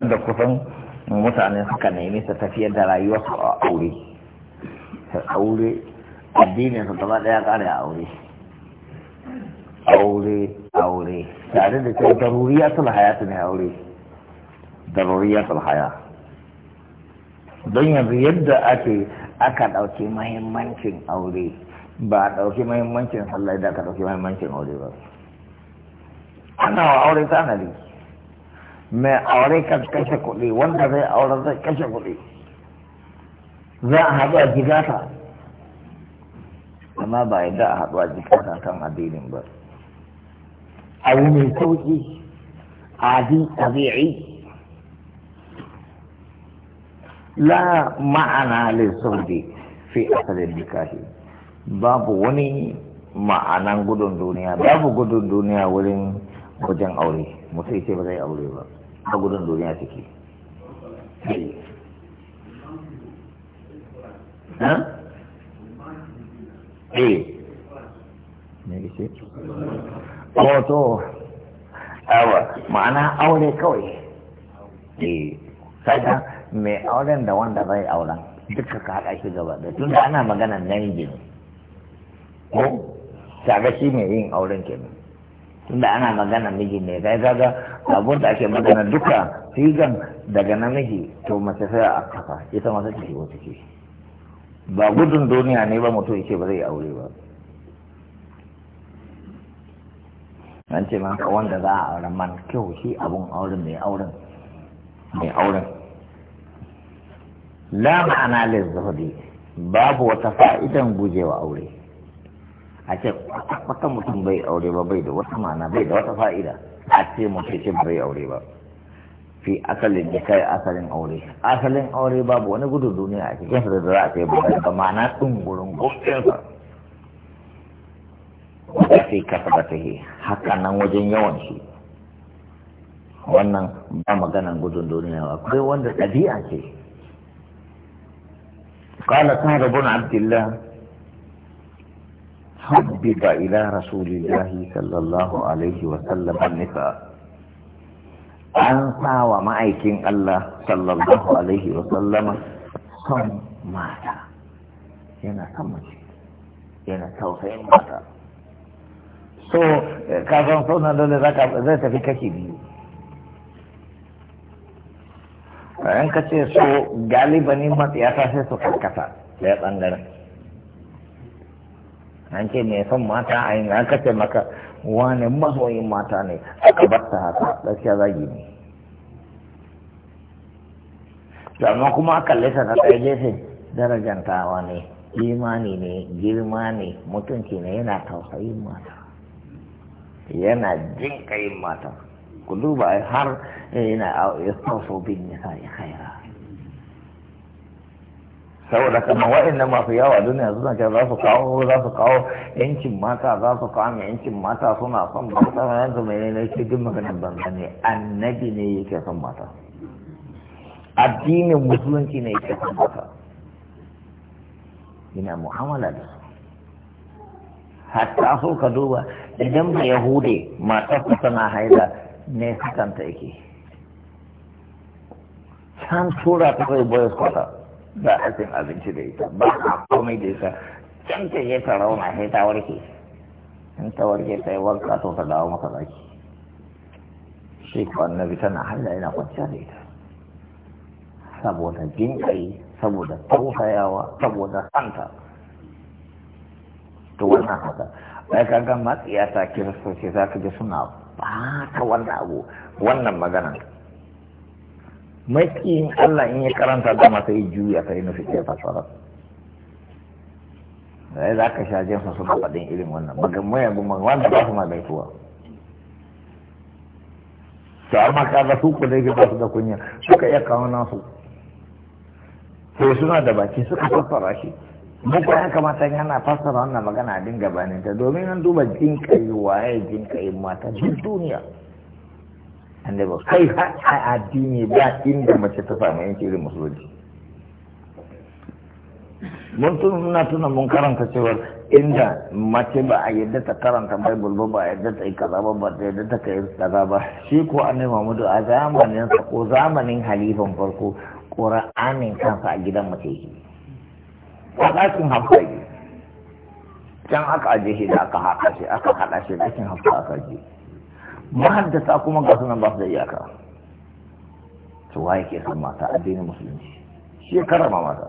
da kusan mutane suka nemi su tafiyar da rayuwarsu a aure aure addinin su gaba daya kare a aure aure aure tare da cewa haya su ne aure sul haya don yanzu yadda ake aka ɗauki mahimmancin aure ba a ɗauki mahimmancin sallah da aka ɗauki mahimmancin aure ba ana wa aure tanadi mai aure kan kashe kuɗi wanda zai aure zai kashe kuɗi za a haɗu a jigata amma ba yadda a haɗu a jigata kan addinin ba a yi mai sauƙi adi tabi'i la ma'ana lissaudi fi asalin nikahi babu wani ma'anan gudun duniya babu gudun duniya wurin wajen aure musai ce ba zai aure ba a gudun duniya take eh ne ce awa ma'ana aure kawai eh. sai mai auren da wanda zai auren duka ka haɗa shi gaba da tunda ana magana namiji ne ko ga shi mai yin auren kenan tunda ana magana miji ne kai kaga abun da ake magana duka figan daga namiji to mace sai a kafa ita mace ta shigo take ba gudun duniya ne ba mutum yake ba zai aure ba an ce maka wanda za a auren man kyau shi abun auren mai auren mai auren la ma'ana lizzahudi babu wata fa'idan gujewa aure a ce kwata mutum bai aure ba bai da wata ma'ana bai da wata fa'ida a ce mutum ce bai aure ba fi asalin da kai asalin aure asalin aure babu wani gudu duniya a cikin sa da za a ce ba da ma'ana tsungurin gobinsa wata fi kasa ba ta haka nan wajen yawan shi wannan ba maganan gudun duniya ba Kai wanda ɗabi'a ce قال سهل بن عبد الله حبب إلى رسول الله صلى الله عليه وسلم النساء an sa wa ma'aikin Allah sallallahu alaihi wa sallama son mata yana tausayin mata so kafin sauna dole zai tafi kashi biyu in ka ce so galibani ne matsiyata sai su karkata ɗaya ɓangaren an ce mai son mata a yin an kace maka wani masoyin mata ne aka bar ta haka gaskiya zagi ne sannan kuma aka lisa ta ta tsaye gefe darajantawa ne imani ne girma ne mutunci ne yana tausayin mata yana jin kayin mata ku duba har eh, yana a ya sa yi khaira saboda kamar waɗannan masu yawa duniya suna ce za su kawo za su kawo yancin mata za su kawo yancin mata suna son kawo yanzu mai ne na ce duk maganin banza ne annabi ne yake son mata addinin musulunci ne yake son mata ina mu'amala da su hatta so ka duba idan ba yahude su tana haida ne sakanta yake san tura ta kai boyas kwata ba a abinci da ita ba a komai da ita can ta je ta rauna sai ta warke in ta warke ta yi warka to ta dawo maka zaki shi na bi tana hanya yana kwanciya da ita saboda jinkai saboda tausayawa saboda santa to wannan haka ai kaga matsiya ta kiristoci za ka ji suna ba ta wannan abu wannan maganan in Allah in ya karanta da masa yi juya sai nufi ke fasara sai za ka sha jinsa suna faɗin irin wannan magamma yanzu wanda ba su ma kuwa to amma ka ga su ku dai ba su da kunya suka iya kawo nasu to suna da baki suka fasara shi mu ko ya kamata yana fasara wannan magana din gabanin ta domin an duba jinkai waye jinkai mata duk duniya annabi kai a addini ba inda mace ta samu yanki irin musulunci mun tun tuna mun karanta cewar inda mace ba a yadda ta karanta bible ba ba a yadda ta yi kaza ba ba ta yadda ta kai kaza ba shi ko annabi Mahmudu a zamanin sa ko zamanin halifan farko Qur'anin kansa a gidan mace yake a ɗakin hafsa yake can aka aje shi da aka haɗa shi aka haɗa shi ɗakin hafsa aka aje mahaddasa kuma ga sunan ba su da iyaka to wa yake san mata addinin musulunci shi karama mata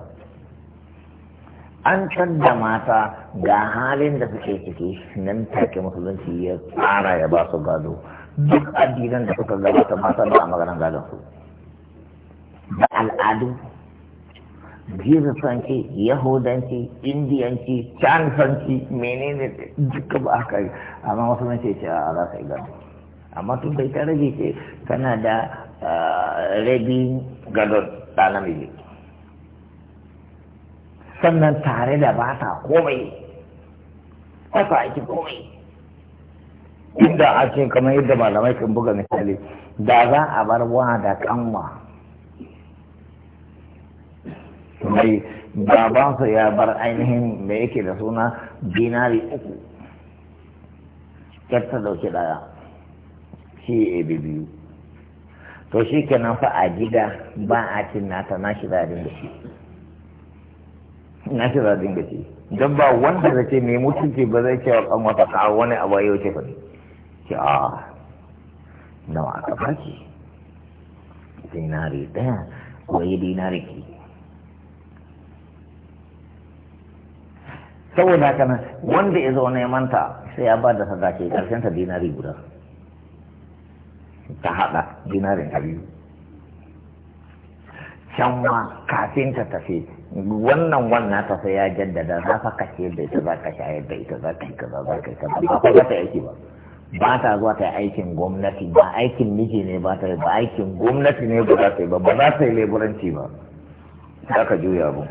an da mata ga halin da suke ciki nan take musulunci ya tsara ya ba su gado duk addinan da suka gabata mata ba a maganar gadon su da al'adu jirisanci yahudanci indiyanci cansanci menene duka ba aka yi amma musulunci ce a za ka yi gado amma tun da ita rabi ce tana da rabi gadon ɗa namiji sannan tare da ba ta komai ba ta aiki komai inda a cikin kamar yadda malamai kan buga misali da za a bar wa da kanwa mai babansa ya bar ainihin da yake da suna binari uku ta dauke daya Ca ebe biyu to shi kenan fa a gida ba a cin nata na shi zaɗin da shi na shi zaɗin da shi don ba wanda da ce mai mutunci ba zai ce wa kan wata kawo wani abu yau ce fari ce a nawa aka baki dinari ɗaya ko yi dinari ki saboda haka nan wanda ya zo neman ta sai ya ba da sadaki karshen ta dinari guda ta haɗa dinarin a biyu can ma kafin ta tafi wannan wannan tafi ya jaddada za ka kashe da ita za ka shayar da ita za ka yi kaza za ka yi kaza ba ka ta aiki ba ba ta zuwa ta aikin gwamnati ba aikin miji ne ba ta ba aikin gwamnati ne ba za ta yi ba ba za ta yi leburanci ba za ka juya ba.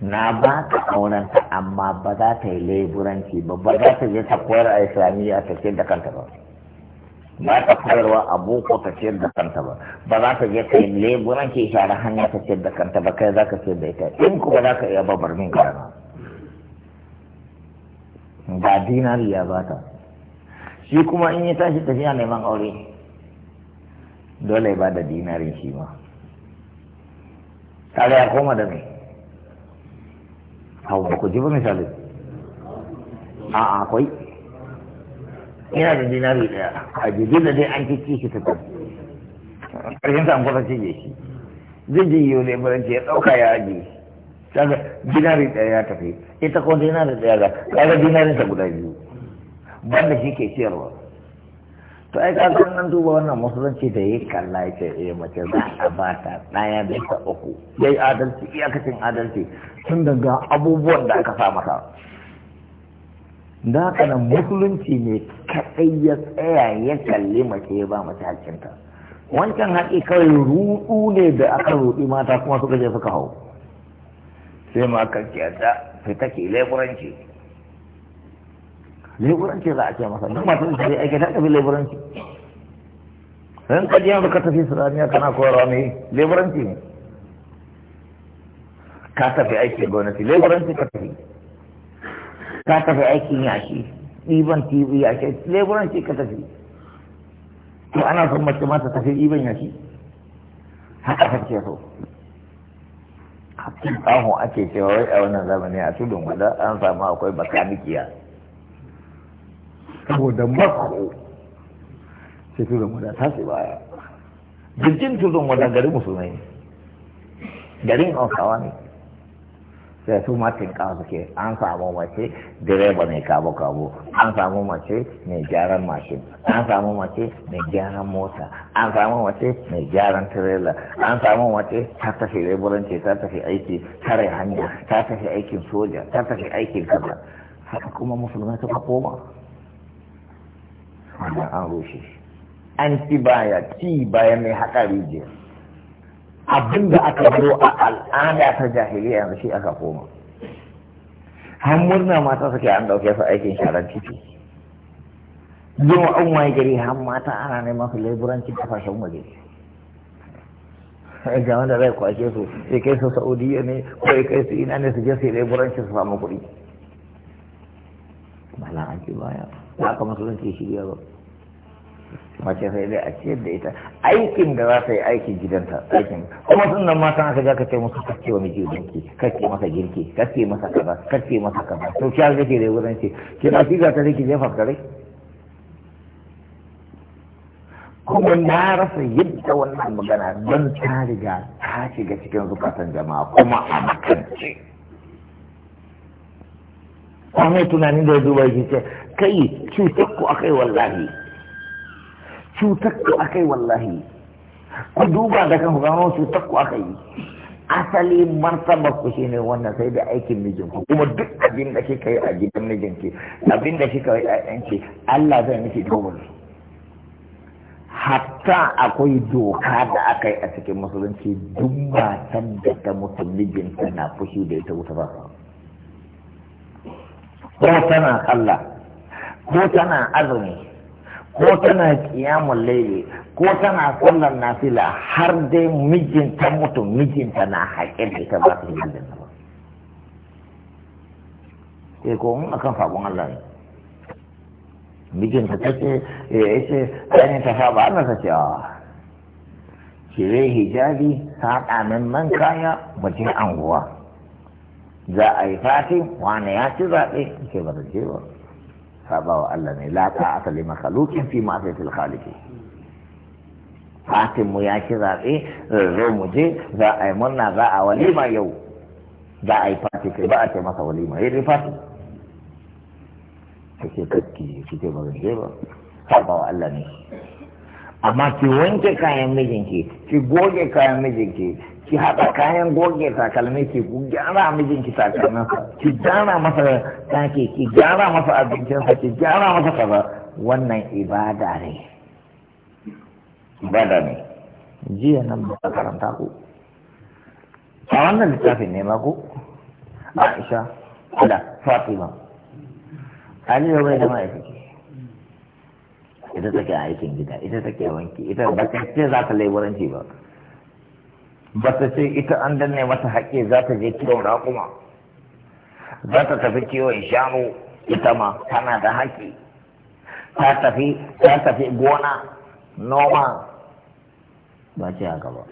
na ba ka aurenta amma ba za ta yi leburanci ba ba za ta je ta koyar a islamiyya ta ce da kanta ba ba ka koyarwa a boko ta ciyar da kanta ba ba za ka je kai buran ke share hanya ta ciyar da kanta ba kai za ka ciyar da ita in kuma za ka iya babar min karama ba dinari ya ba ta shi kuma in ya tashi tafiya neman aure dole ba da dinarin shi ma kare ya koma da ni hau ku ji ba misali a akwai ina da dinari daya a jirgin da dai an kici shi ta karshen ta an ce cije shi zai ji yiwu ne ce ya ɗauka ya aji kaga dinari daya ya tafi ita kuma dinari daya ga kaga dinarin ta guda biyu da shi ke ciyarwa to ai ka san nan duba wannan musulunci da ya kalla ya ce eh mace za a ba ta daya da ta uku yayi adalci iyakacin adalci tun daga abubuwan da aka sa masa da haka musulunci ne kaɗai ya tsaya ya kalli mace ya ba mace hakinta wancan haƙi kawai ruɗu ne da aka ruɗi mata kuma suka je suka hau sai ma ta kiyata ta ke leburanci leburanci za a ce masa duk masu da aiki ta tafi leburanci ran ka je ka tafi siraniya kana koyarwa ne leburanci ne ka tafi aiki gwamnati leburanci ka tafi ka tafi aikin yashi ɗiban ya yashi leburan ce ka tafi to ana son mace ma ta tafi ɗiban yashi haka ce so hakin tsahon ake cewa wai a wannan zamani a tudun wada an samu akwai bakanikiya saboda mako sai tudun wada ta ce baya jirgin tudun wada garin musulmai garin ausawa ne sai su matin kawo suke an samu mace direba mai kabo kabo an samu mace mai gyaran mashin an samu mace mai gyaran mota an samu mace mai gyaran tirela an samu mace ta tafi leburanci ta tafi aiki tare hanya ta tafi aikin soja ta tafi aikin kaza haka kuma musulmai suka koma wannan an rushe an ci baya ci baya mai haƙa rijiya abin da aka zo a al'ada ta jahiliya yanzu shi aka koma har murna mata suke an dauke su aikin sharar titi zuwa an waye gari har mata ana neman su leburancin fashin waje jama'a da zai kwace su ya kai su saudiya ne ko ya kai su ina ne su je su yi leburancin su samu kuɗi Mala an ci baya ba ka musulunci shirya ba mace sai dai a ciyar da ita aikin da za ta yi aikin gidanta aikin kuma sun nan matan aka ga kace musu kake wa miji girki kake masa girki kake masa kaza kake masa kaza to ki ga ke da wurin ce ki na kiga ta rike jefa kare kuma na rasa yadda wannan magana don ta riga ta shiga cikin zukatan jama'a kuma a makance kwanai tunanin da ya duba yake ce kai cutar ku akai wallahi cutar ku akai wallahi ku duba da kan gano cutar ku akai asali martaba ku shine wannan sai da aikin mijinku kuma duk abin da kika yi a gidan mijinki abin da kika yi a yanki Allah zai miki dubul hatta akwai doka da aka yi a cikin musulunci duk matan da ta mutu mijinta na fushi da ita wuta ba ko tana Allah ko tana azumi ko tana kiyamun laili ko tana sallar nafila har dai mijinta mutum mijinta na haƙin ita ba ta yi da nama ke eh, ko mun akan Allah ne mijinta ta ce eh, ya ce ɗani ta ba Allah ta ce a cire hijabi saƙa min man kaya wajen anguwa za a yi fatin wane ya ci zaɓe ke ba ta ce ba sabawa Allah ne la ta lima makhluqin fi ma'siyatil khaliq fatin mu ya ki zabe zo mu je za a yi murna za a walima yau za a yi fati kai ba a ce masa walima yayi fati kake kakki kike ba zan je ba sabawa Allah ne amma ki wanke kayan mijinki ki goge kayan mijinki ki haɗa kayan goge takalmi ki gyara mijinki takalmin, ki gyara masa take ki gyara masa abincinsa ki gyara masa kaza wannan ibada ne ibada ne jiya nan ba karanta ku a wannan littafin ne ma ku aisha da fatima yi bai da ma'aikaci ita take aikin gida ita take wanki ita ba ta ce za ta laiburanci ba ba ta ce ita an danne mata haƙƙi za ta je kiwon raƙuma za ta tafi kiwon shanu ita ma tana da haƙƙi ta tafi ta tafi gona noma ba ce haka ba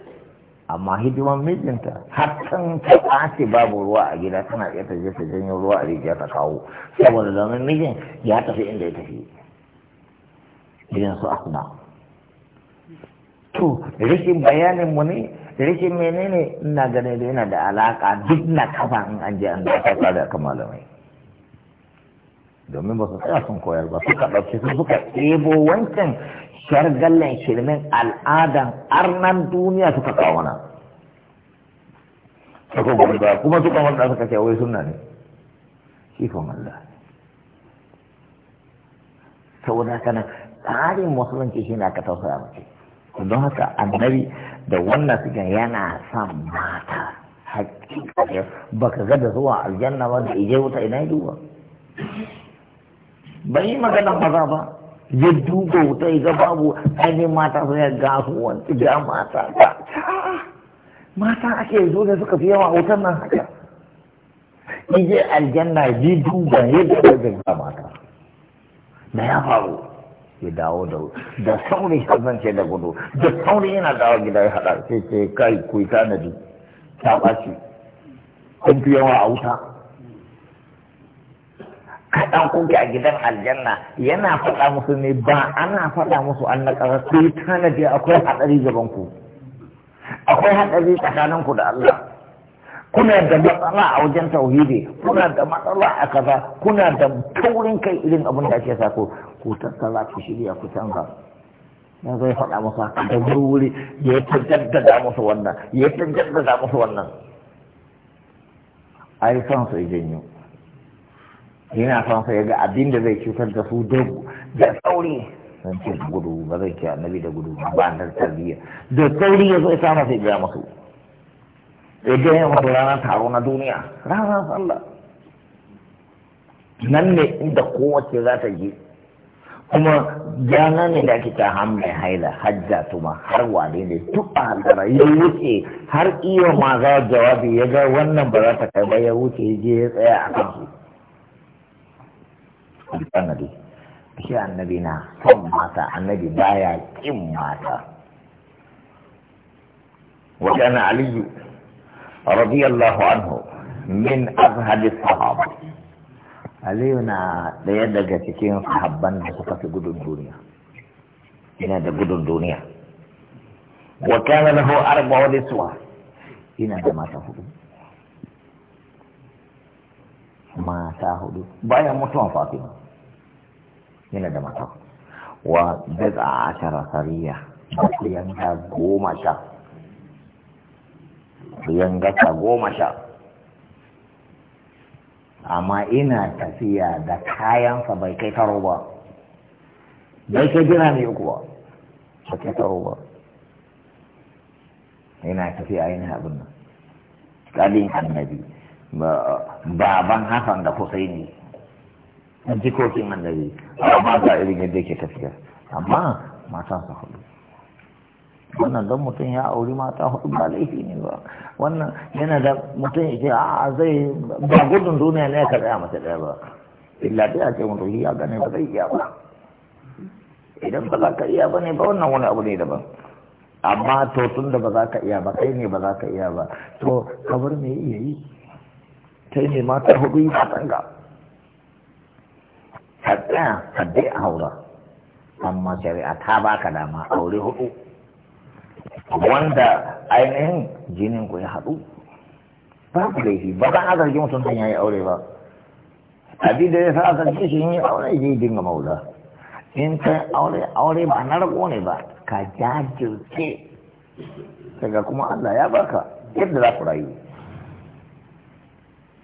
amma hidiman mijinta har ta ɓace babu ruwa a gida tana iya ta je ta janyo ruwa a rijiya ta kawo saboda domin mijin ya tafi inda ya tafi gidan su asma to Rikin bayanin mu ne rikin menene ina ganin da yana da alaka duk na kafa in an je an gasa da kan malamai domin ba su tsaya sun koyar ba suka ɗauki su suka ɗebo wancan shargallen shirmin al'adan arnan duniya suka kawo na suka gurba kuma suka wanda suka ce wai sunna ne ikon Allah saboda kana tsarin musulunci shi na ka tausaya mace don haka annabi da wannan suke yana sa mata hakika ba ka ga da zuwa aljanna ba da ije wuta ina ba ba yi magana maza ba ya duba wuta ya ga babu ainihin mata sun ya gafu wanti ga mata ba mata ake zo da suka fi yawa wutan nan haka ije aljanna ji duba yadda ga mata da ya faru ya dawo da da sauri ce da gudu da sauri yana dawo gida ya hada sai sai kai ku yi tanadi ta ɓaci kun fi yawa a wuta kaɗan kuke a gidan aljanna yana faɗa musu ne ba ana faɗa musu an na ƙasa ku tanadi akwai haɗari gabanku. akwai haɗari tsakanin ku da Allah kuna da matsala a wajen tauhidi kuna da matsala a kaza kuna da taurin kai irin abin da ake sako ku tattala ku shirya ku canza na zai faɗa masa da wuri ya yi ta jaddada masa wannan ya yi ta jaddada masa wannan ai son su janyo yana son su ga abin da zai cutar da su da sauri don ce gudu ba zai ce annabi da gudu ba da tarbiyya da sauri ya zo ya sama sai ga masu ya ya mutu rana taro na duniya rana sallah nan ne inda kowace za ta je kuma jana ne da ake ta hamlin haila hajja tuma har wane ne duk a halara ya wuce har iya maza za jawabi ya ga wannan ba za ta kai ba ya wuce ya je ya tsaya a kan su annabi shi annabi na son mata annabi baya kin mata Wajen aliyu radiyallahu anhu min azhadi sahaba aliyu na ɗaya daga cikin sahabban da suka fi gudun duniya ina da gudun duniya wa kana lahu arba wa niswa ina da mata hudu mata hudu bayan mutuwan fatima ina da mata wa bid'a ashara sariya yanga goma sha yanga goma sha amma ina tafiya da kayansa bai kai taro ba bai kai jira ne kuwa, ba kai taro ba ina tafiya ina abin nan kalin annabi baban hasan da husaini jikokin annabi amma ga irin yadda ke tafiya amma matan sa hudu wannan don mutum ya auri mata hudu ba laifi ne ba wannan yana da mutum ya ce a zai ba gudun duniya ne ka tsaya mace daya ba illa dai a ce mutum ya gane ba zai iya ba idan ba za ka iya ba ne ba wannan wani abu ne daban amma to tun da ba za ka iya ba kai ne ba za ka iya ba to kabar me iya yi kai ne mata hudu yi ba ga ka tsaya ka dai a haura amma shari'a ta baka dama aure hudu wanda ainihin jinin ku ya haɗu ba ku shi ba za a zargi mutum ya yi aure ba abi da ya sa a zargi shi yin aure zai dinga maula in ta aure aure ba na rago ne ba ka jajirce daga kuma Allah ya baka yadda za ku rayu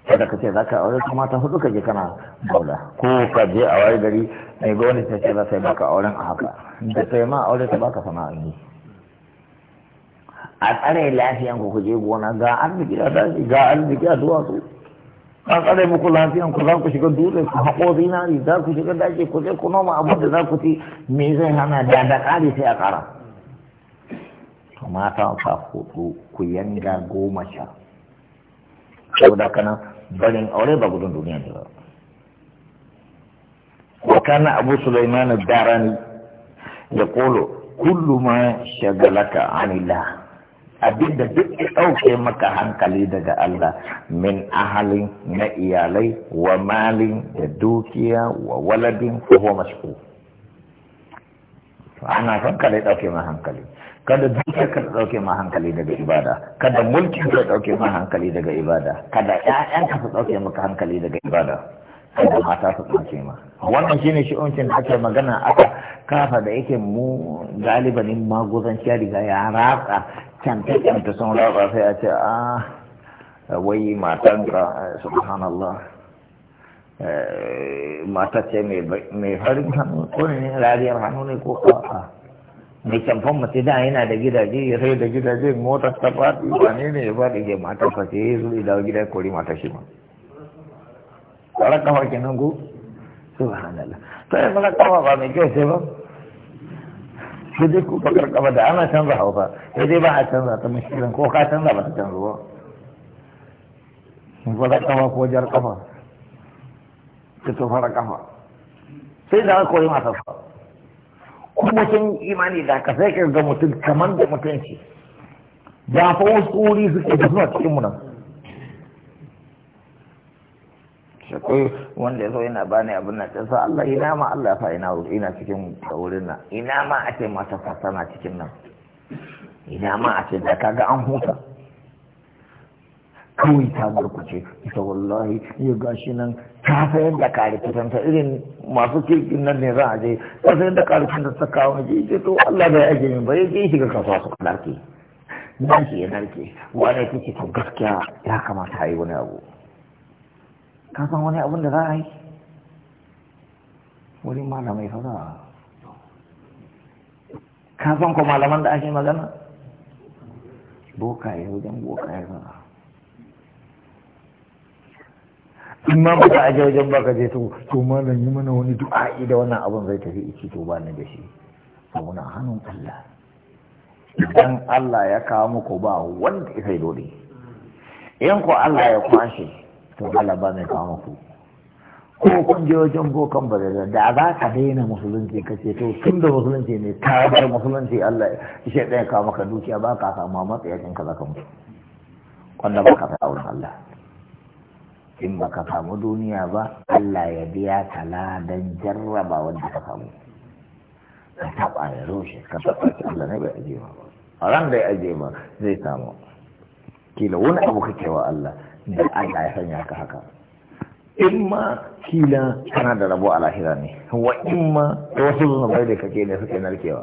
kada ka ce za ka aure kuma ta hudu ka je kana maula ko ka je a wari gari mai gwani ta ce za sai baka auren a haka da ta yi ma aure ta baka sana'a yi a tsare lafiyan ku kuje gona ga arziki a daji ga arziki a duwatsu a tsare muku lafiyan ku za ku shiga dutse ku haƙo zinari za ku shiga daji ku je ku noma abu da za ku ci me zai hana da da ƙari sai a ƙara to mata ka hudu ku yanga goma sha saboda kana barin aure ba gudun duniya ne ba وكان أبو سليمان الداراني يقول كل ما شغلك عن الله abinda duk ya ɗauke maka hankali daga Allah min ahalin na iyalai wa malin da dukiya wa waladin ko To ana son kada ya ɗauke ma hankali kada dukiyar ka ɗauke ma hankali daga ibada kada mulki ka ɗauke ma hankali daga ibada kada ƴaƴanka su ɗauke maka hankali daga ibada kada mata su ɗauke ma wannan shine uncin da ake magana aka kafa da yake mu galibanin maguzanciya riga ya ratsa cantik-cantik sun raba saya a ah a wai matanka subhanallah eh, mata ce me farin hannu ko ne rariyar hannu ne ko a ah, mai kyamfan mace da yana da gidaje ya sai da gidaje mota ta faɗi wane ne ba faɗi ke matar sa ce ya zo gida mata shi ma ƙwarar kafa kenan ko subhanallah to yanzu na ba mai kyau sai ba sai dai ku bakar kaba da ana canza hausa sai dai ba a canza ta mashirin ko ka canza ba ta canza ba gwada kafa ko jar kafa ta tofara kafa sai da koyi masa fa kuma sun imani da ka sai ka ga mutum kamar da mutunci ba fa wasu wuri suke da suna cikin mu nan shakwai wanda ya zo yana bani abin nan ɗansa Allah ina ma Allah ya fa ina ina cikin wurin nan ina ma a ce mata fasana cikin nan ina ma a ce da kaga an huta kawai ta barkuce ita wallahi ya gashi nan ta sayar da karikutan ta irin masu kirkin nan ne za a je ta sayar da karikutan ta kawo ji ce to Allah bai aje min bai je shiga kasuwa su kalarki nan shi ya narke wane ya ce to gaskiya ya kamata a yi wani abu ka san wani abin da za a yi wurin malamai fa za ka san ko malaman da ake magana bokaye wajen bokaye za a in ma ba a je wajen baka je to to malam yi mana wani du'a'i da wannan abin zai tafi ici to ba ni da shi to muna hannun Allah idan Allah ya kawo muku ba wanda ya sai dole in ko Allah ya kwashe to galaba mai kawo ku ko kun je wajen bokan ba da da za ka daina musulunci ka ce to tun da musulunci ne ka bar musulunci Allah ishe ɗaya kawo maka dukiya ba ka samu a ka zaka mutu wanda ba ka fara Allah in ba ka samu duniya ba Allah ya biya ka ladan jarraba wanda ka samu ka taɓa ya roshe ka taɓa shi Allah ne bai aje ba a ran da ya aje ba zai samu kila wani abu kake wa Allah da Allah ya sanya ka haka in ma kila kana da rabo a lahira ne wa in ma wasu zunubai da kake ne suke narkewa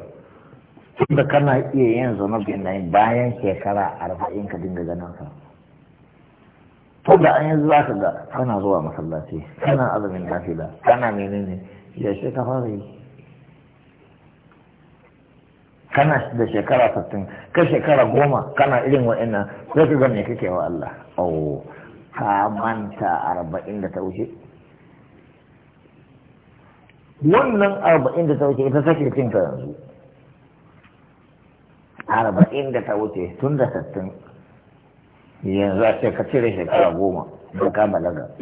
tunda kana iya yin zunubin na bayan shekara arba'in ka dinga ganin sa, to da an yanzu za ka ga kana zuwa masallaci kana azumin nafila kana menene ya ka fara yi kana da shekara sittin kai shekara goma kana irin wa'annan sai ka gane kake wa Allah oh ka manta arba'in da ta wuce wannan arba'in da ta wuce ita sake cin ka yanzu arba'in da ta wuce tun da sittin yanzu a ce ka cire shekara goma da ka balaga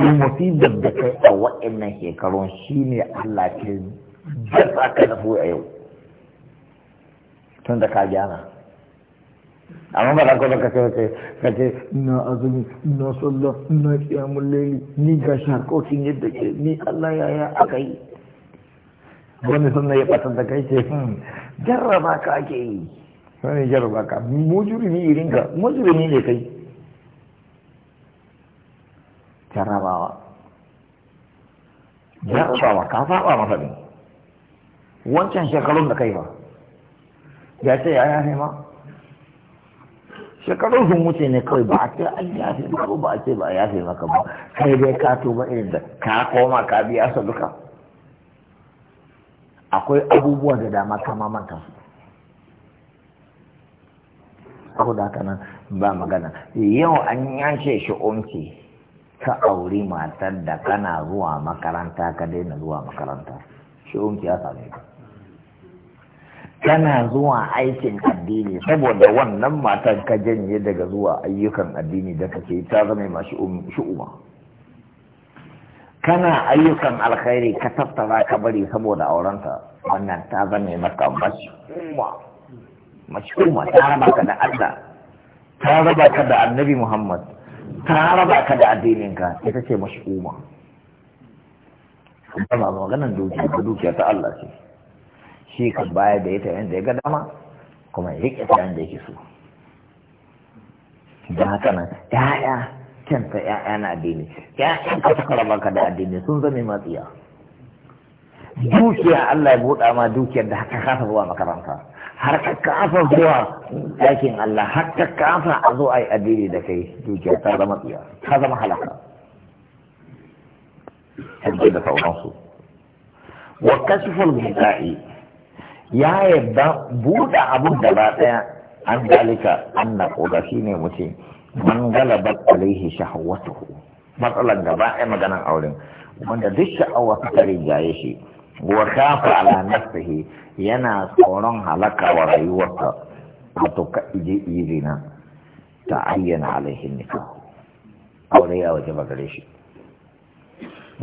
to musibar da kai a wa'annan shekarun shine Allah ke jasa ka da a yau tun da ka gyana amma ba za baka ce wace ka ce na azumi na sallah na kiyamun laili ni ga sharkokin yadda ke ni allah ya aka yi wani sannan ya ɓatar da kai ce hmm, jarraba ka ake yi wani jarraba ka ni irin ka mujurumi ne kai jarrabawa jarrabawa ka saba masa ne wancan shekarun da kai ba ya ce ya yafe ma shekarun sun wuce ne kawai ba a ce an yafe ma ba a ce ba a yafe maka ba kai dai ka tuba irin da ka koma ka biya su duka akwai abubuwa da dama kama manta su saboda haka nan ba magana yau an yace shi umci ka auri matar da kana zuwa makaranta ka daina zuwa makaranta shi umci ya same ka kana zuwa aikin addini saboda wannan matan ka janye daga zuwa ayyukan addini da kake ta zama masu shu'uma kana ayyukan alkhairi ka tattara ka bari saboda aurenta wannan ta zama maka mashu'uma mashu'uma ta raba ka da Allah ta raba ka da annabi Muhammad ta raba ka da addininka ita ce mashu'uma ba maganin dukiya ta Allah ce shi kan baya da ita yanda ya ga dama kuma ya riƙe ta yanda yake so da haka nan ya'ya kyanta ya'ya na addini ya'ya ka ta karaba ka da addini sun zame matsiya dukiya Allah ya buɗa ma dukiyar da haka kafa zuwa makaranta har ka kafa zuwa yakin Allah har ka kafa a zo a addini da kai dukiyar ta zama tsiya ta zama halaka hajji da sauransu wa kasful bida'i ya yadda buɗe abun gaba ɗaya an dalika an na ƙoga shi ne mutum man galaba alaihi shahawatuhu matsalan gaba ɗaya maganar auren wanda duk sha'awa ta jaye shi wa kafa ala nafsihi yana tsoron halaka wa rayuwarsa wato ka ije irina ta ayyana alaihi nikahu aure ya waje ba gare shi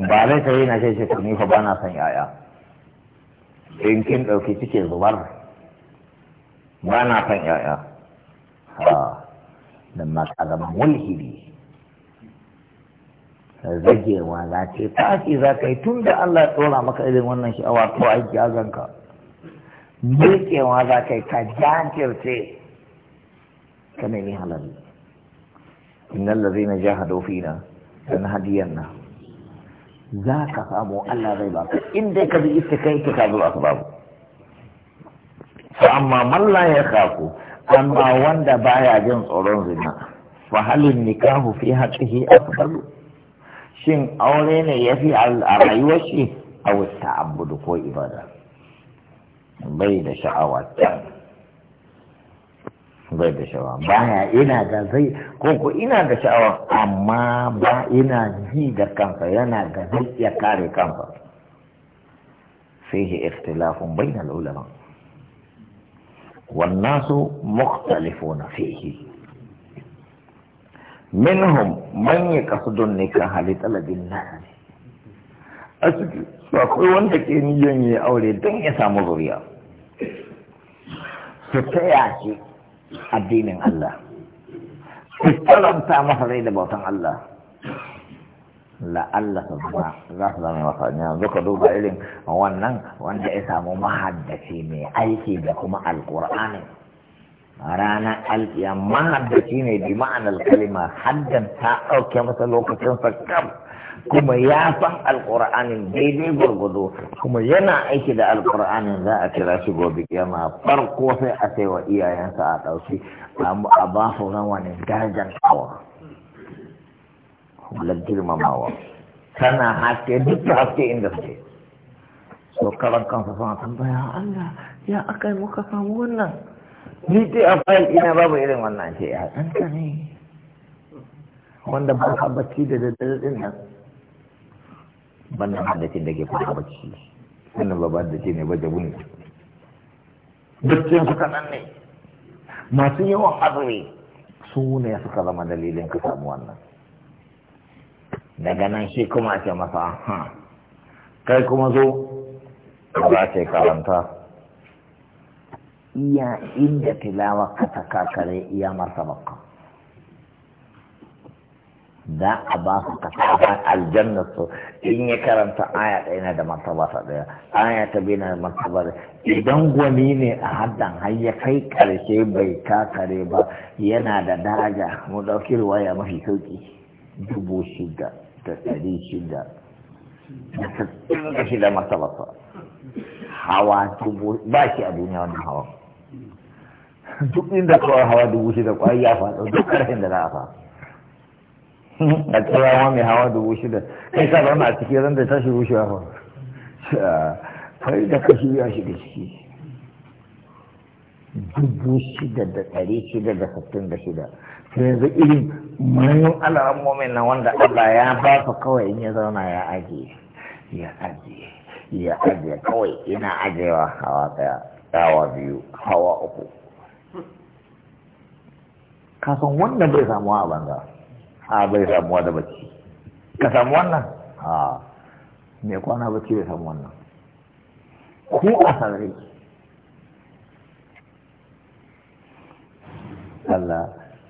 ba zai sai na ce ce ni fa ba na son yaya in kin ɗauki cikin zubar ba na kan ‘ya'ya nan ma ka zama mulhidi zagewa za ce tashi za ka yi tun da Allah ya tsora maka irin wannan sha'awa ko aiki a zanka miƙewa za ka yi ka jajirce ka nemi halal إن da na hadiyar na. za ka samu Allah zai ba ka inda ka bi iska kai ka zuwa ka babu fa amma man la ya khafu amma wanda baya jin tsoron zina fa halin nikahu fi haqqihi afdal shin aure ne yafi a rayuwar shi aw ta'abbudu ko ibada bai da sha'awa can bai da sha'awa baya ina da zai ko ko ina da sha'awa amma ba ina ji da kansa yana da zai iya kare kansa fihi ikhtilafun bainal ulama wan nasu mukhtalifuna fihi minhum man yaqsidun nikaha li talabin nas a cikin akwai wanda ke niyan yi aure don ya samu zuriya su taya shi addinin Allah talanta masa rai da bautan Allah la'alla ta zama za su zama yanzu ka duba irin wannan wanda ya samu mahaddaci mai aiki da kuma a ranar alkiya mahaddaci ne bi ma'anar kalima haddan ta ɗauke masa lokacin sa kam kuma ya san alkur'anin daidai gwargwado kuma yana aiki da alkur'anin za a kira shi gobe kiyama farko sai a sai wa iyayensa a ɗauki a ba su rawa ne dajan awa hular girmamawa tana haske duk da haske inda suke so karan kansa suna tambaya Allah ya aka yi muka samu wannan ni dai a fayil ina babu irin wannan ce ya ɗanta ne wanda ba ka bacci da daddare din nan Bannan hadashin da ke fara bacci wannan ba ke ne ba jabu ne baccin su kanan ne masu yawan azumi su ne suka zama dalilin ka samu wannan daga nan shi kuma ce masa ha kai kuma zo za ce karanta iya inda tilawa ka ta kakare iya bakwai. za a ba su kasafan aljanna su in ya karanta aya ɗaya na da martaba ta ɗaya aya ta bi na da martaba da idan gwani ne a haddan har ya kai karshe bai kakare ba yana da daraja mu ɗauki ruwaya mafi sauƙi dubu shida da ɗari shida da sassin da shida martaba sa hawa dubu ba shi a duniya wannan hawa duk inda kawai hawa dubu shida kwayi ya faɗo duk ƙarfin da za a faɗo a tsaye wa mai hawa dubu shida kai sa zauna a ciki zan da tashi rushewa ba Fari da kashi ya shiga ciki dubu shida da ɗari shida da sittin da shida sai yanzu irin manyan alawan momin na wanda Allah ya ba ka kawai in ya zauna ya ajiye ya ajiye ya ajiye kawai ina ajiyewa hawa daya dawa biyu hawa uku kasan wannan bai samuwa a banza a bai samuwa da bacci ka samu wannan a me kwana bacci bai samu wannan ko a sarari Allah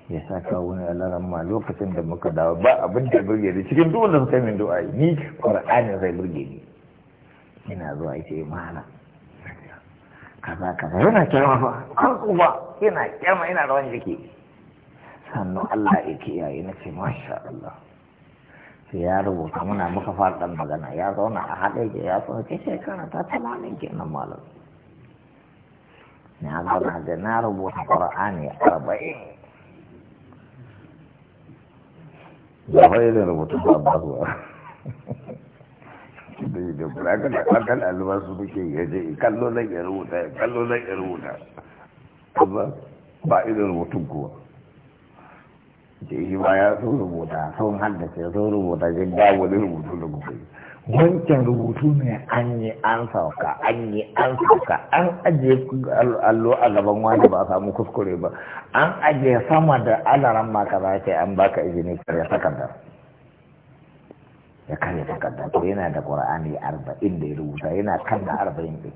ya sa kawo wani alaran ma lokacin da muka dawo ba abin da burge ni cikin duk wanda suka yi min du'a ni qur'ani zai burge ni ina zuwa yace mana kaza kaza yana kyarwa fa an tsufa yana kirma ina rawan jiki sannu Allah ya kiyaye na ce masha Allah sai ya rubuta muna muka fara dan magana ya zauna a haɗe ke ya tsoro ke shekara ta tamanin kenan malam na zauna da na rubuta ƙura'ani arba'in ba fa da rubutun ba ba ba da yi da burakan da kwakan alba su suke yaje kallo zan iya rubuta kallo zan iya rubuta ba ba irin rubutun kuwa shi ba ya so rubuta sun haddace sun rubuta jin ba wani rubutu da rubutu wancan rubutu ne an yi an sauka an yi an sauka an ajiye allo a gaban wani ba samu kuskure ba an ajiye sama da alaran maka za ce an baka izini karya takardar ya karya takardar to yana da ƙura'ani arba'in da ya rubuta yana kan da arba'in ɗin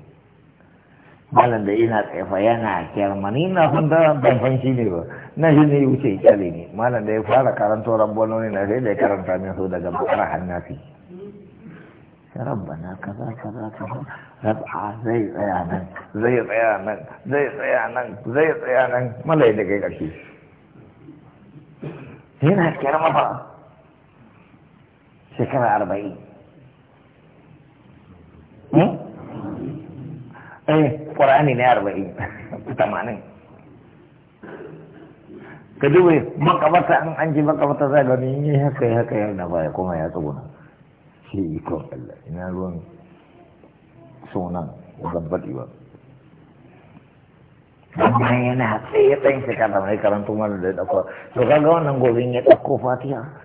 malam da ina tsefa eh, yana ah, kyarma ni na san da ban shi ne ba na shi ne wuce kyale ne malam da ya fara karanto rabbanoni na sai da ya karanta min so daga bakara hannafi rabbana kaza kaza kaza rab'a ah, zai tsaya nan zai tsaya nan zai tsaya nan zai tsaya nan malai da kai karshe yana kyarma ba shekara arba'in eh ƙwarani ne arba'in tamanin ka duba makabata an an ji makabata za ga ni haka ya haka ya na baya kuma ya tsuguna shi iko Allah ina ruwan sunan zan baɗi ba amma yana tsaye tsayin shekara mai karantu mara da ya ɗauko to kaga wannan gobin ya ɗauko fatiha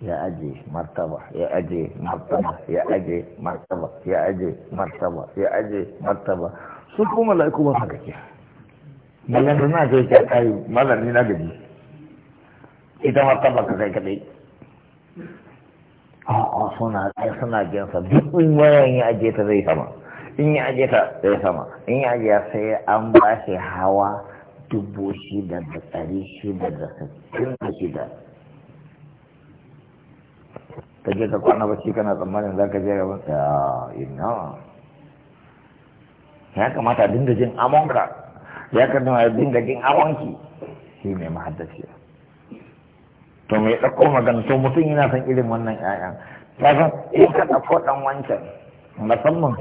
ya aje martaba ya aje martaba ya aje martaba ya aje martaba ya aje martaba su kuma laiku ba haka ke mallan da na zai ka kai mallan ni na gaji ita martaba ka kai kadai a a suna suna jin sa duk wayan ya aje ta zai sama in ya aje ta zai sama in ya aje sai an ba shi hawa dubu shida da ɗari shida da sittin da shida ka je ka kwana bacci kana tsammanin za ka je gaban sa ina ya kamata dinga jin amonka ya kamata dinga jin amonki shi ne mahaddaciya to mai ɗauko magana to mutum yana son irin wannan ƴaƴan kasan in ka ɗauko ɗan wancan musamman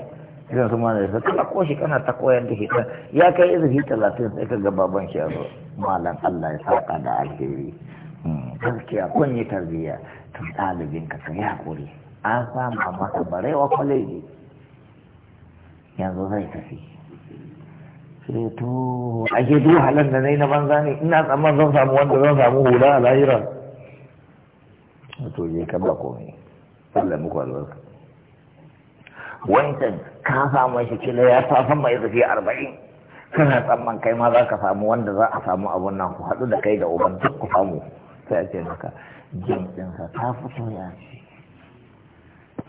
irin su mana yasa ka ɗauko shi kana ta koyar da shi ya kai irin shi talatin sai ka ga baban shi a zo malam Allah ya saka da alheri hmm, gaskiya kun yi tarbiyya to ɗalibinka ka yi haƙuri an samu sama masa barewa kwaleji yanzu zai tafi sai to ake duk halar da na yi na banza ne ina tsamman zan samu wanda zan samu hula a lahira to je kan ba komai Allah muku albarka wancan ka samu shi kila ya san mai zafi arba'in kana tsamman kai ma za ka samu wanda za a samu abun nan ku haɗu da kai da uban duk ku samu sai a ce maka jin ɗinsa ta fito ya ce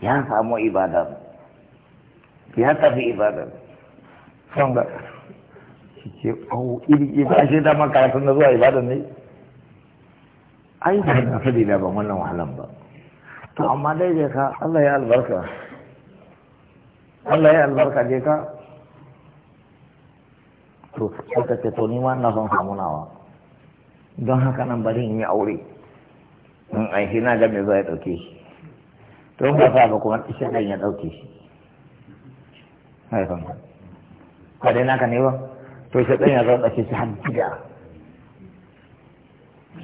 ya samu ibada ya tafi ibada son shi ke au iri ba shi da makaratun na zuwa ibada ne ai ba na fadi da ban wannan wahalan ba to amma dai je ka Allah ya albarka Allah ya albarka je ka to sai ka ce to ni ma na son samu nawa don haka nan bari in yi aure in aiki na ga me zai dauke shi to ba sa ba kuma ishe kan ya dauke shi haifan ka dai naka ne ba to shi dan ya zo dauke shi har gida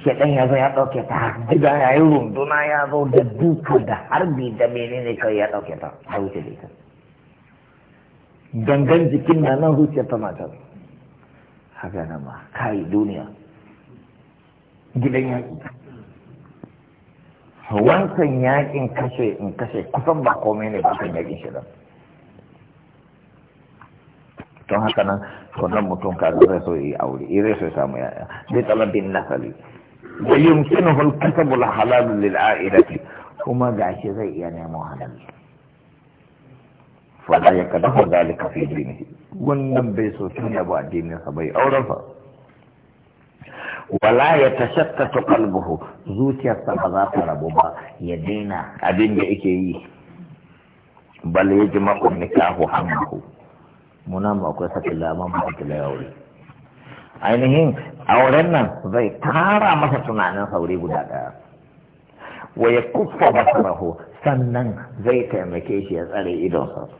shi dan ya zo ya dauke ta har gida ya yi runduna ya zo da duka da harbi da menene kai ya dauke ta har wuce da ita gangan jikin na nan zuciyar ta matar haka nan ma kai duniya gidan yaƙi wancan yaƙin kashe in kashe kusan ba komai ne ba kan yaƙin shi don haka nan wannan mutum ka zai so yi aure irai so samu yaya bi talabin nasali da yumkinu hul kasabu bula halal lil aidati kuma gashi zai iya nemo halal fa la yakadahu zalika fi dinihi wannan bai so tun ya ba dinin sa bai auren fa wala ya tashattatu qalbuhu zuciyarsa ba za ta rabu ba ya daina abin da yake yi bal yajma'u nikahu hammahu muna ma akwai sakin laman ba yauri ainihin auren nan zai tara masa tunanin sauri guda daya wa ya kuffa basarahu sannan zai taimake shi ya tsare idonsa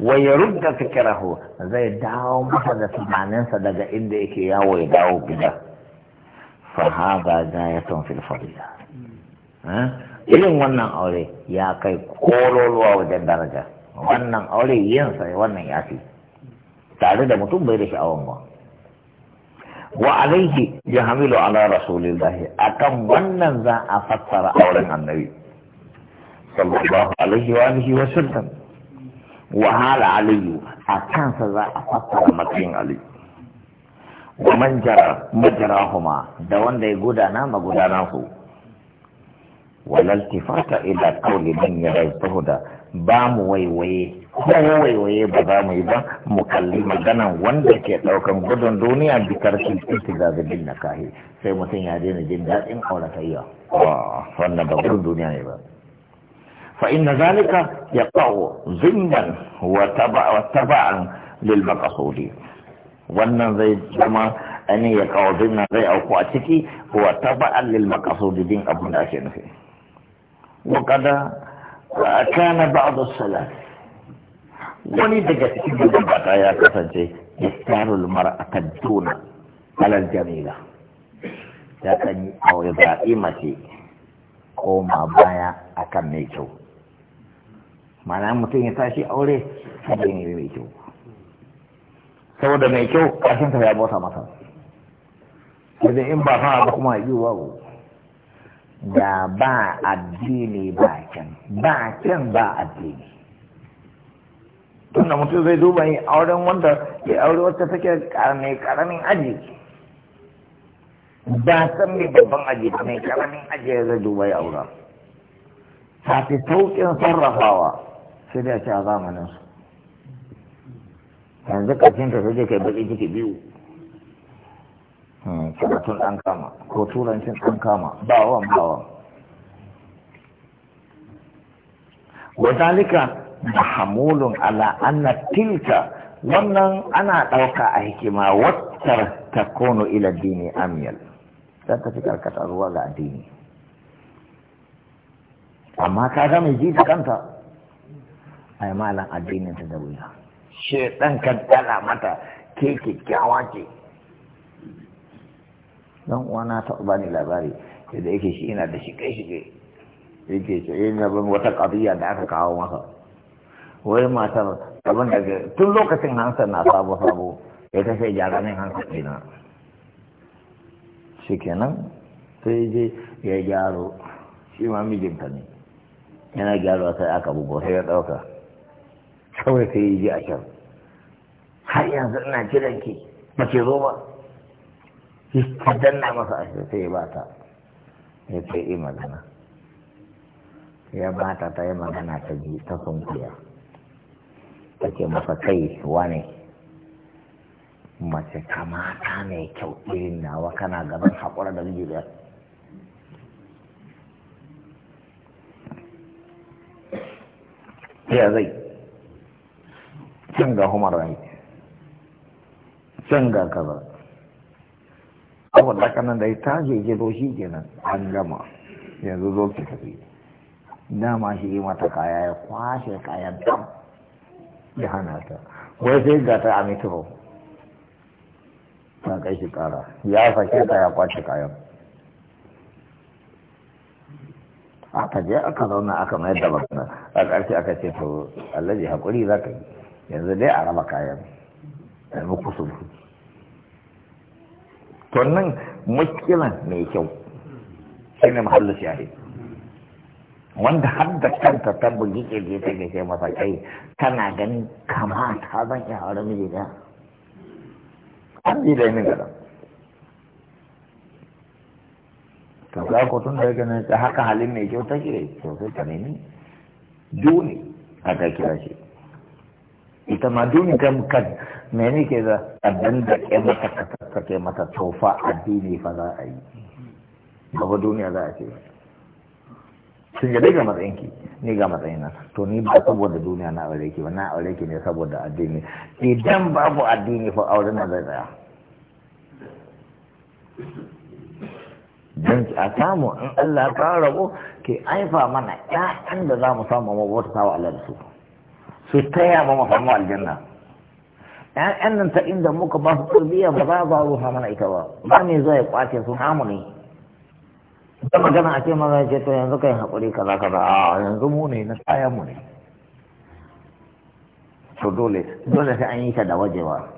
wa ya rubda fikirahu zai dawo masa da tunaninsa daga inda yake yawo ya dawo gida fa hada gayatun fil fadila irin wannan aure ya kai kololuwa wajen daraja wannan aure yin sa wannan ya fi tare da mutum bai da sha'awan ba wa alaihi ya hamilu ala a kan wannan za a fassara auren annabi sallallahu alaihi wa alihi wa sallam wahala aliyu a kansa za a fassara matsayin aliyu wa man manjara majarahuma da wanda ya gudana magudana su walal tifata ila qawli man yarzuhu da ba mu waiwaye ko waiwaye ba za mu yi ba mu kalli maganan wanda ke daukan gudun duniya bi karfin na nakahi sai mutum ya daina jin daɗin auratayya wannan ba gudun duniya ne ba فإن ذلك يقع ضمنا وتبع وتبعا للمقصود wannan zai zama ani ya kawo dinnan zai auku a ciki wa taba'an lil maqasudin abin da ake nufi wa kada kana ba'd as-salat wani daga cikin gabata ya kasance istarul mar'ata duna alal jamila ya kan yi aure zaɓi mace koma baya akan mai kyau mana mutum ya tashi aure sai ne mai kyau saboda mai kyau kashin ya bauta masa wajen in ba fara ba kuma yi wa da ba addini ba kyan ba kyan ba addini tunda mutum zai duba yi auren wanda ya aure wacce take mai karamin aji ba san mai babban aji mai karamin aji ya zai duba ya aura ta fi sauƙin sarrafawa sai da a ce a zamanin su yanzu ƙarshen ta sai kai baki ciki biyu hmm, karatun ɗan kama ko turancin ɗan kama bawan bawan wadalika mahamulun ala anna tilka wannan ana ɗauka a hikima wata ta kono ila dini amiyal don ta fi karkata zuwa ga addini amma ka ga mai ji da kanta yi malan addinin ta da wuya ɗan ka tsala mata ke kyakkyawa ce dan uwana ta ni labari da yake shi ina da shi kai shige yake ce eh, na ban wata kabiya da aka kawo masa wai matar abin da tun lokacin hansa na sabo sabo ya ta sai gyara min hansa ɗina shi kenan sai je ya gyaro shi ma mijinta ne yana gyaro sai aka bugo sai ya ɗauka kawai sai yi a can har yanzu ina kiran ki ba ke zo ba ta danna masa a sai ya bata ta ya ce yi eh, magana ya ba ta ta yi magana ta ji ta sunkiya ta ke masa kai wane mace kamata ne kyau irin nawa kana gaban haƙura da miji ya zai can ga human rai can ga kaza abu da kanan da ta je gido shi kenan an gama yanzu zo ki tafi dama shi yi mata kaya ya kwashe kayan tam ya hana ta wai sai ga ta amitro ta kai shi kara ya sake ta ya kwashe kayan ta je aka zauna aka mayar da bakana a ƙarshe aka ce to allaji haƙuri za ka yi yanzu dai a raba kayan da kusur sulhu to nan mai kyau shi ne mahallu yi. wanda har da kanta ta ke je ta gaishe masa kai tana ganin kamata zan iya aure miji da an yi da yamin gada to ga ko tun da ganin ta haka halin mai kyau take to sai ta nemi dole aka kira shi ita ma duniya ta mukad me ne ke abin da ke mata ka ke mata tofa addini fa za a yi gaba duniya za a ce sun dai matsayin matsayinki ni ga matsayina to ni ba saboda duniya na aure ki ba na aure ki ne saboda addini idan babu addini fa auren na zai tsaya don a samu in Allah ya fara rabo ke aifa mana ƴaƴan da za mu samu wata sawa Allah da su su taya ma mafarmu aljanna ƴaƴan nan ta inda muka ba su tarbiyya ba za ba ruha mana ita ba ba me zuwa ya kwace su hamu ne ta magana a ce maza ce to yanzu kai haƙuri kaza kaza a yanzu mu ne na taya mu ne to dole dole sai an yi ta da wajewa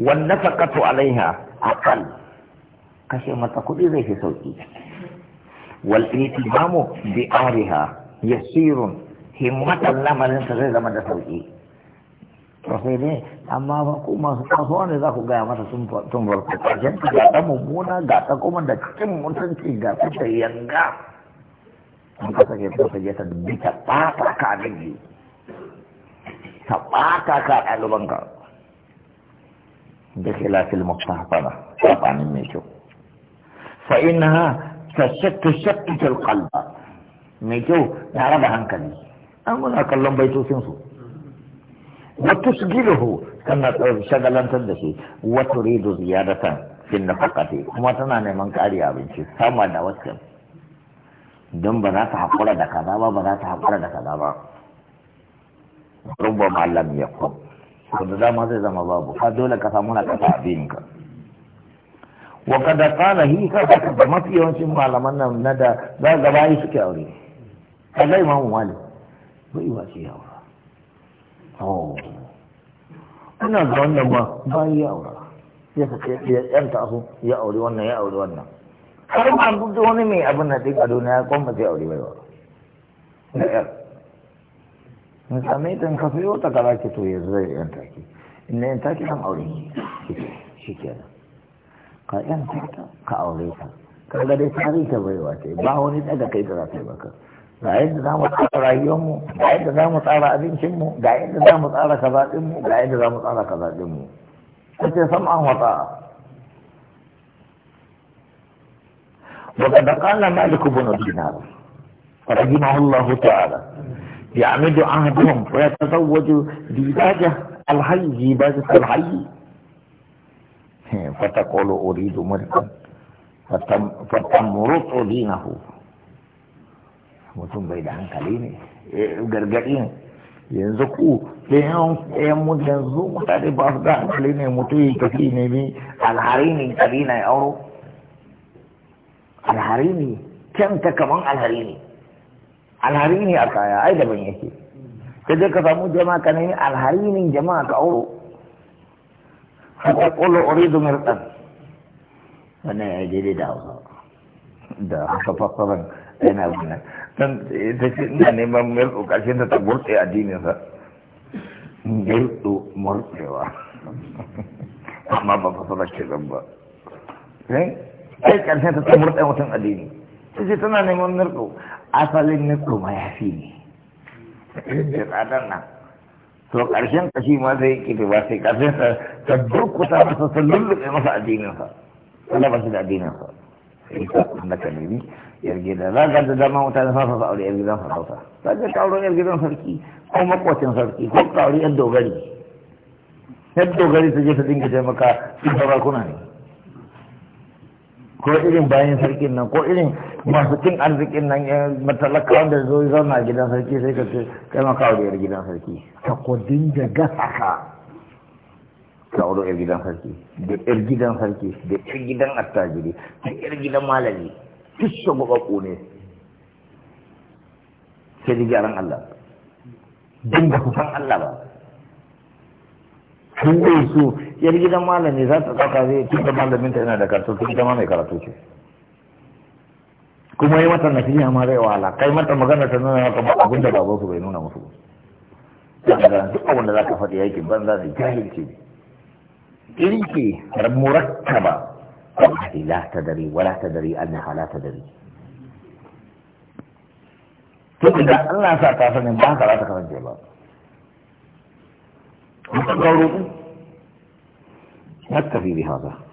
wanda faƙatu alaiha akal kashe mata kuɗi zai fi sauƙi wal itimamu bi ariha yasirun himmatan lamarinsa zai zama da sauƙi sai dai amma ba ku masu kasuwa ne za ku gaya masa sun barku ƙarshen ta ga ta mummuna ga ta kuma da cikin mutunci ga ta ta yanga an ka sake ta sake ta bi ta ɓata ka dangi ta ɓata ka ɗalibanka da khilafil mustahfana tsafanin mai kyau fa innaha tashattu shattu kalba. mai kyau na raba hankali an muna kallon baitocinsu wa tusgiluhu kana shagalantar da shi wa turidu ziyadatan fin fakate kuma tana neman ƙari abinci sama da wasu don ba za ta haƙura da kaza ba ba za ta haƙura da kaza ba rubba malam ya kwa wanda dama zai zama babu ka dole ka samu na kasa ka wa kada kana hi ka da mafi yawancin malaman nan na da za ga bayi suke aure kaga imamu malik bai ba shi yawa ina ga wannan ba bayan ya aura ya saka ya yanta su ya aure wannan ya aure wannan har ma duk wani mai abin na ɗin ado na ya kwamba zai aure bai ba na yar in same ta ka fiyo ta kaza ki to yanzu zai yanta ki Ina na yanta ki san aure shi kenan ka yanta ta ka aure ta kaga dai tarihi ta baiwa ce ba wani daga kai da za ta yi baka ga yadda za mu tsara rayuwarmu ga yadda za mu tsara abincinmu ga yadda za mu tsara kazaɗinmu ga yadda za mu tsara kazaɗinmu kace an wata وقد قال مالك بن دينار رحمه الله تعالى يعمد عهدهم ويتزوج ديباجة الحي ديباجة الحي فتقول أريد ملكا فتمرط دينه mutum bai da hankali ne gargaɗi yanzu ku yawan ɗayan mu yanzu mutane ba su da hankali ne mutum ya tafi ne mi alhari ne kari na auro alhari ne ta kaman alhari ne alhari ne a kaya ai daban yake ka je ka samu jama'a ka nemi alhari ne jama'a ka auro ka ƙwaƙwalo uridu mirɗan wannan ya je da hausa da haka fassarar yana gina don ta ce ina ta ta burɗe addininsa mirɗo murɗewa amma ba fasa da ke zan ba eh? ai ƙarshen ta ta a mutum addini ta ce tana neman mirɗo asalin mirɗo ma ya fi ne da tsadar nan to ƙarshen ta shi ma zai ƙi ba sai ƙarshen ta ta durkuta masa ta lullube masa addininsa Allah ba a da addininsa ita da dama gidan gidan sarki ko sarki je su dinga sarakuna ne ko irin bayan sarkin nan ko irin masu cin arzikin nan ya eh, matalaka wanda zo zauna gidan sarki sai ka ce kai makawar yar gidan sarki ka ko dinga gasa ka wuro yar gidan sarki da yar gidan sarki da yar gidan attajiri da yar gidan malami duk shagwabako ne sai da gyaran Allah don da san Allah ba sun zai su yar gidan malami za ta tsaka zai tun da malamin ta yana da karatu tun da ma mai karatu ce kuma yi mata nasiha ma zai wahala kai mata magana ta nuna maka ba abin da babansu bai nuna musu ba duk abin da za ka faɗi yakin banza ne jahilci ne تلك مركبة لا تدري ولا تدري أنها لا تدري تبدا الله ساتا سنين با كلا تكرن جبا نتكفي بهذا